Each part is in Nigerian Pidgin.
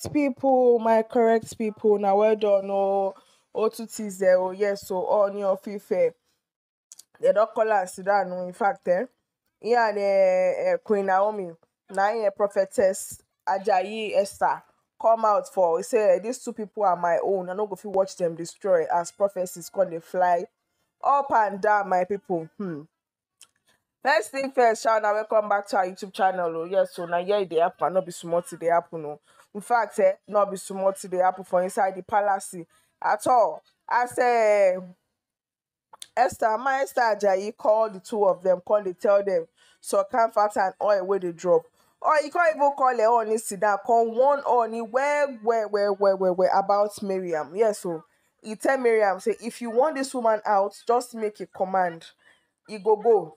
correct people my correct people na well done o t zero. yes o Ooni of Ife dem don call am sit down in fact eh, him and uh, uh, Queen Naomi na him uh, prophetess Ajayi Esther come out for say these two people are my own i no go fit watch them destroy as prophecies come dey fly up and down my people hmm. first thing first sha una welcome back to our youtube channel o yes o na here e dey happen no be small thing dey happen o in fact eh, not be small so thing dey happen for inside the palace at all as eh, esther my esther ajayi call the two of them call they tell them surcam can fata and oil wey they drop Or oil come even call eh, honey sit down call one only. Where, where, where, where, where, where about Miriam? yes o oh. he tell Miriam, say if you want this woman out just make a command e go go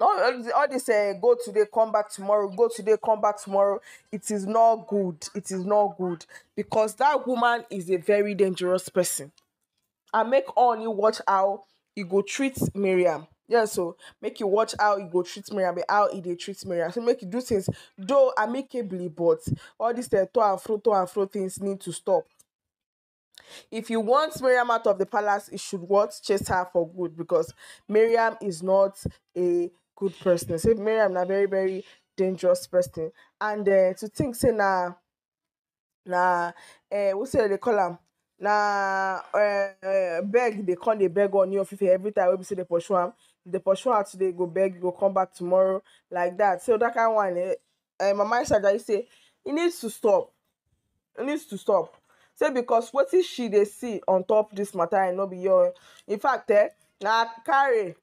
all, all this uh, go today, come back tomorrow, go today, come back tomorrow, it is not good. It is not good because that woman is a very dangerous person. I make all you watch how you go treat Miriam. Yeah, so make you watch how you go treat Miriam, how he they treat Miriam. So make you do things though amicably, but all these uh, to and fro, to and fro things need to stop. If you want Miriam out of the palace, you should what chase her for good because Miriam is not a good person say Mariam na very very dangerous person and uh, to think say na na uh, eh, what's say they call am na uh, beg they come they beg on you of every time We be say dey pursue am dey pursue am today go beg go come back tomorrow like that so that kind of one eh, eh, mama isajayi say e needs to stop e needs to stop say because what is she They see on top this matter no be your in fact eh, now carry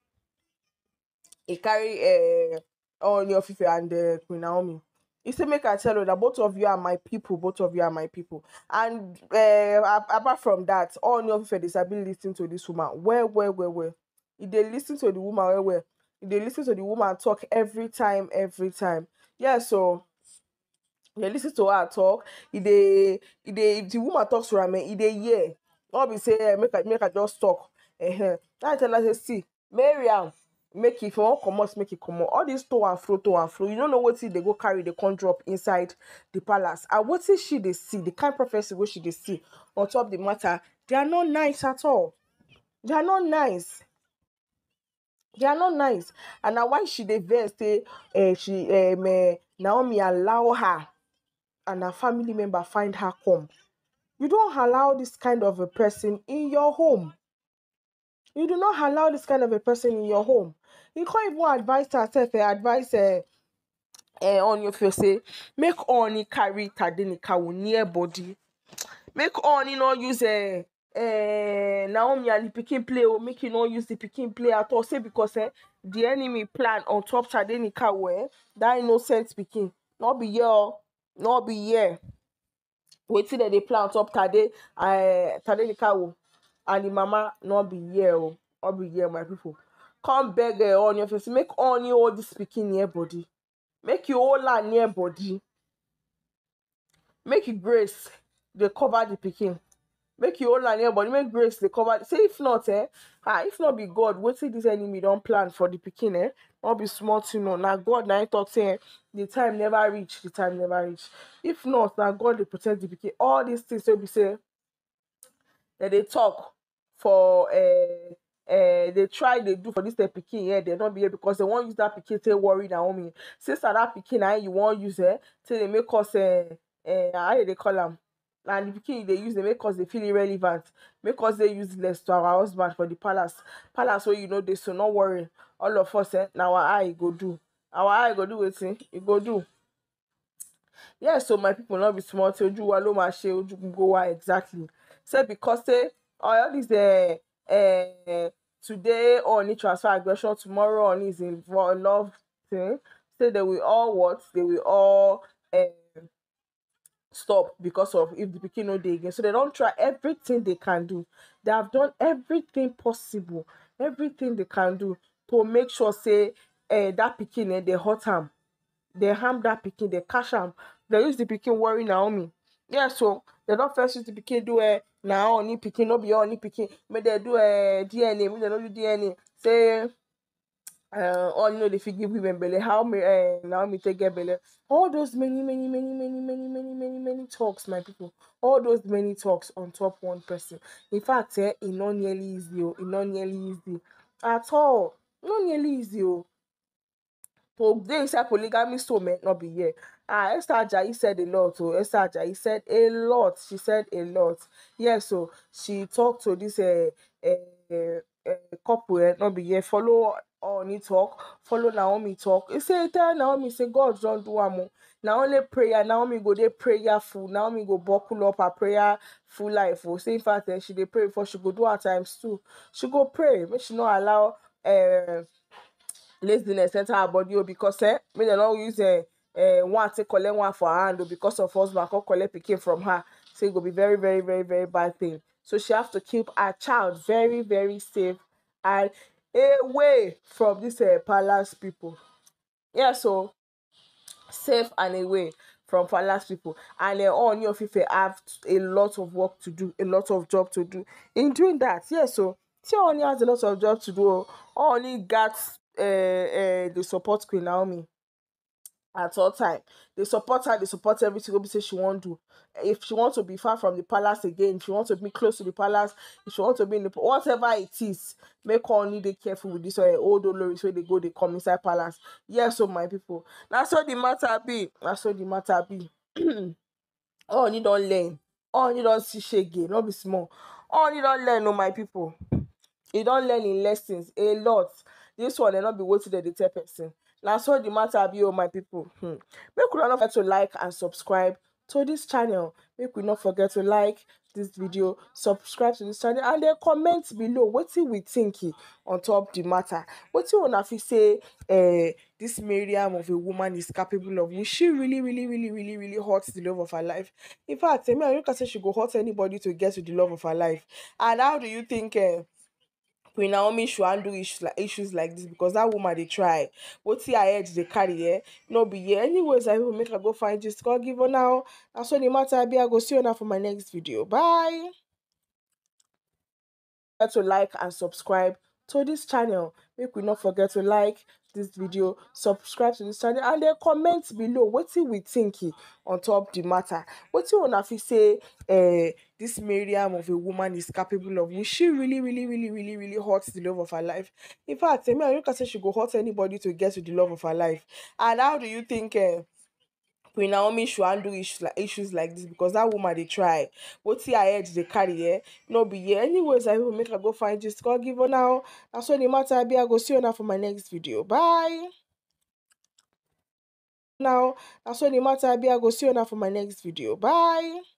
He carry uh, eh, Ooni your Ife and uh, Queen Naomi. He said, make I tell you that both of you are my people, both of you are my people. And uh, apart from that, Ooni of Ife dey been listening to this woman well, well, well, well. He dey listen to the woman well, well. He dey listen to the woman talk every time, every time. Yeah, so dey listen to her talk e they, e dey if the woman talks to am e dey hear no be say make i make i just talk eh eh i tell her say see mariam make if you wan comot make e comot all dis to and fro to and fro you don't know wetin they go carry dey come drop inside the palace and wetin she they see the kind prophecy wey she they see on top of the matter they are not nice at all they are not nice they are not nice and na why she they vex say eh, she um, uh, naomi allow her and her family member find her come you don't allow this kind of a person in your home You do not allow this kind of a person in your home. You can't even advise herself, eh, advise uh, uh, on your fiance. Make only carry tadinika near body. Make only no use a uh, uh, Naomi and the picking play or oh, make you not use the picking play at all. Say because eh, the enemy plan on top Tadenika where that innocent picking. Not be here, oh. not be here. Wait till they plan on top Tade, uh, Tadenika. and the mama not be here, oh, not be here, my people. Come beg her on your face. Make on you all this speaking near body. Make you all land near body. Make you grace. They cover the picking. Make you all land near body. Make grace they cover. Say if not, eh? Ah, if not be God, what see this enemy don't plan for the picking, eh? Not be smart, you know. Now God now talk saying eh, the time never reach. The time never reach. If not, now God they protect the picking. All these things will be say They dey talk for um um They try they do for dis their pikin Yeah, they no be here because they won't use that pikin They worry Naomi. Since that dat I you won't use um Till they make us um um how dem they call am And the pikin you use they make us they feel irrelevant make us use less to our husband for the palace palace where you know they so not worry all of us eh. Now our eye go do our eye go do wetin you e go do yes yeah, so my people not be small thing ojú wa ló máa ṣe ojú gbogbo wa exactly say because say oil is uh, uh, today Oni oh, transfer aggression tomorrow Oni oh, is involved thing say they will all what they will all uh, stop because of if the pikin no dey again so they don't try everything they can do they have done everything possible everything they can do to make sure say uh, that picking eh, they hurt ham, they harm that pikin they cash am they use the pikin worry naomi yes so they don't first use the pikin do um now only pikin no be only pikin make they do um eh, dna make they no do dna say uh, honey no dey fit give women belle how may, uh, eh, me take a belle all those many many many many many many many many talks my people all those many talks on top one person in fact eh e not nearly easy o oh. e no nearly easy at all e Not nearly easy oh. o to dey inside polygamy so may eh, not be here Ah, Esther Ajayi said a lot. Oh, Esther Ajayi said a lot. She said a lot. Yes, yeah, oh, so she talked to this uh, uh, uh, couple, uh, eh, not be here. Follow Oni talk, follow Naomi talk. He say, tell Naomi, say, God don't do am. Oh. Na pray. prayer, Naomi go dey prayerful. Naomi go buckle up her full life. Oh, same fact, uh, she dey pray for. she go do her times too. She go pray, make she not allow uh, laziness enter her body. Oh, because eh, make they not use uh, uh, one to collect one for her hand because of husband can collect pikin from her. So it will be very, very, very, very bad thing. So she have to keep her child very, very safe and away from these uh, palace people. Yeah, so safe and away from palace people. And uh, all Ooni of have a lot of work to do, a lot of job to do. In doing that, yeah, so she only has a lot of job to do, Only got uh, uh, the support Queen Naomi. at all time. They support her, they support every single business she want to do. If she wants to be far from the palace again, if she wants to be close to the palace, if she wants to be in the whatever it is, make only they careful with this or old Dolores where they go, they come inside palace. Yes, so oh, my people. That's what the matter be. That's what the matter be. oh, you don't learn. Oh, you don't see she again. Not be small. Oh, you don't learn, no, my people. You don't learn in lessons a lot. This one they eh, not be waiting the tell person. na so the matter be o oh, my people hmm. make una no forget to like and subscribe to this channel make we not forget to like this video subscribe to this channel and then comment below wetin we think on top the matter wetin una fit say uh, this miriam of a woman is capable of will she really really really really really hurt the love of her life in fact emi ayoka say she go hurt anybody to get to the love of her life and how do you think uh, Queen Naomi should handle issues like, issues like this because that woman they try. What her head they carry eh? No be here. Anyways, I will make her go find just God give her now. That's all the matter. I be I go see you now for my next video. Bye. To like and subscribe to this channel make we not forget to like this video subscribe to this channel and then comment below what wetin we think on top the matter wetin una feel say eh this miriam of a woman is capable of will she really really really really really hurt the love of her life in fact I emi ayoka say she go hurt anybody to get to the love of her life and how do you think eh Queen Naomi should handle issues like, issues like this because that woman they try. but see her head they carry eh? No be here. Anyways, I will make her go find this God give her now. That's all the matter. I be I go see you now for my next video. Bye. Now that's all the matter. I be I go see you now for my next video. Bye.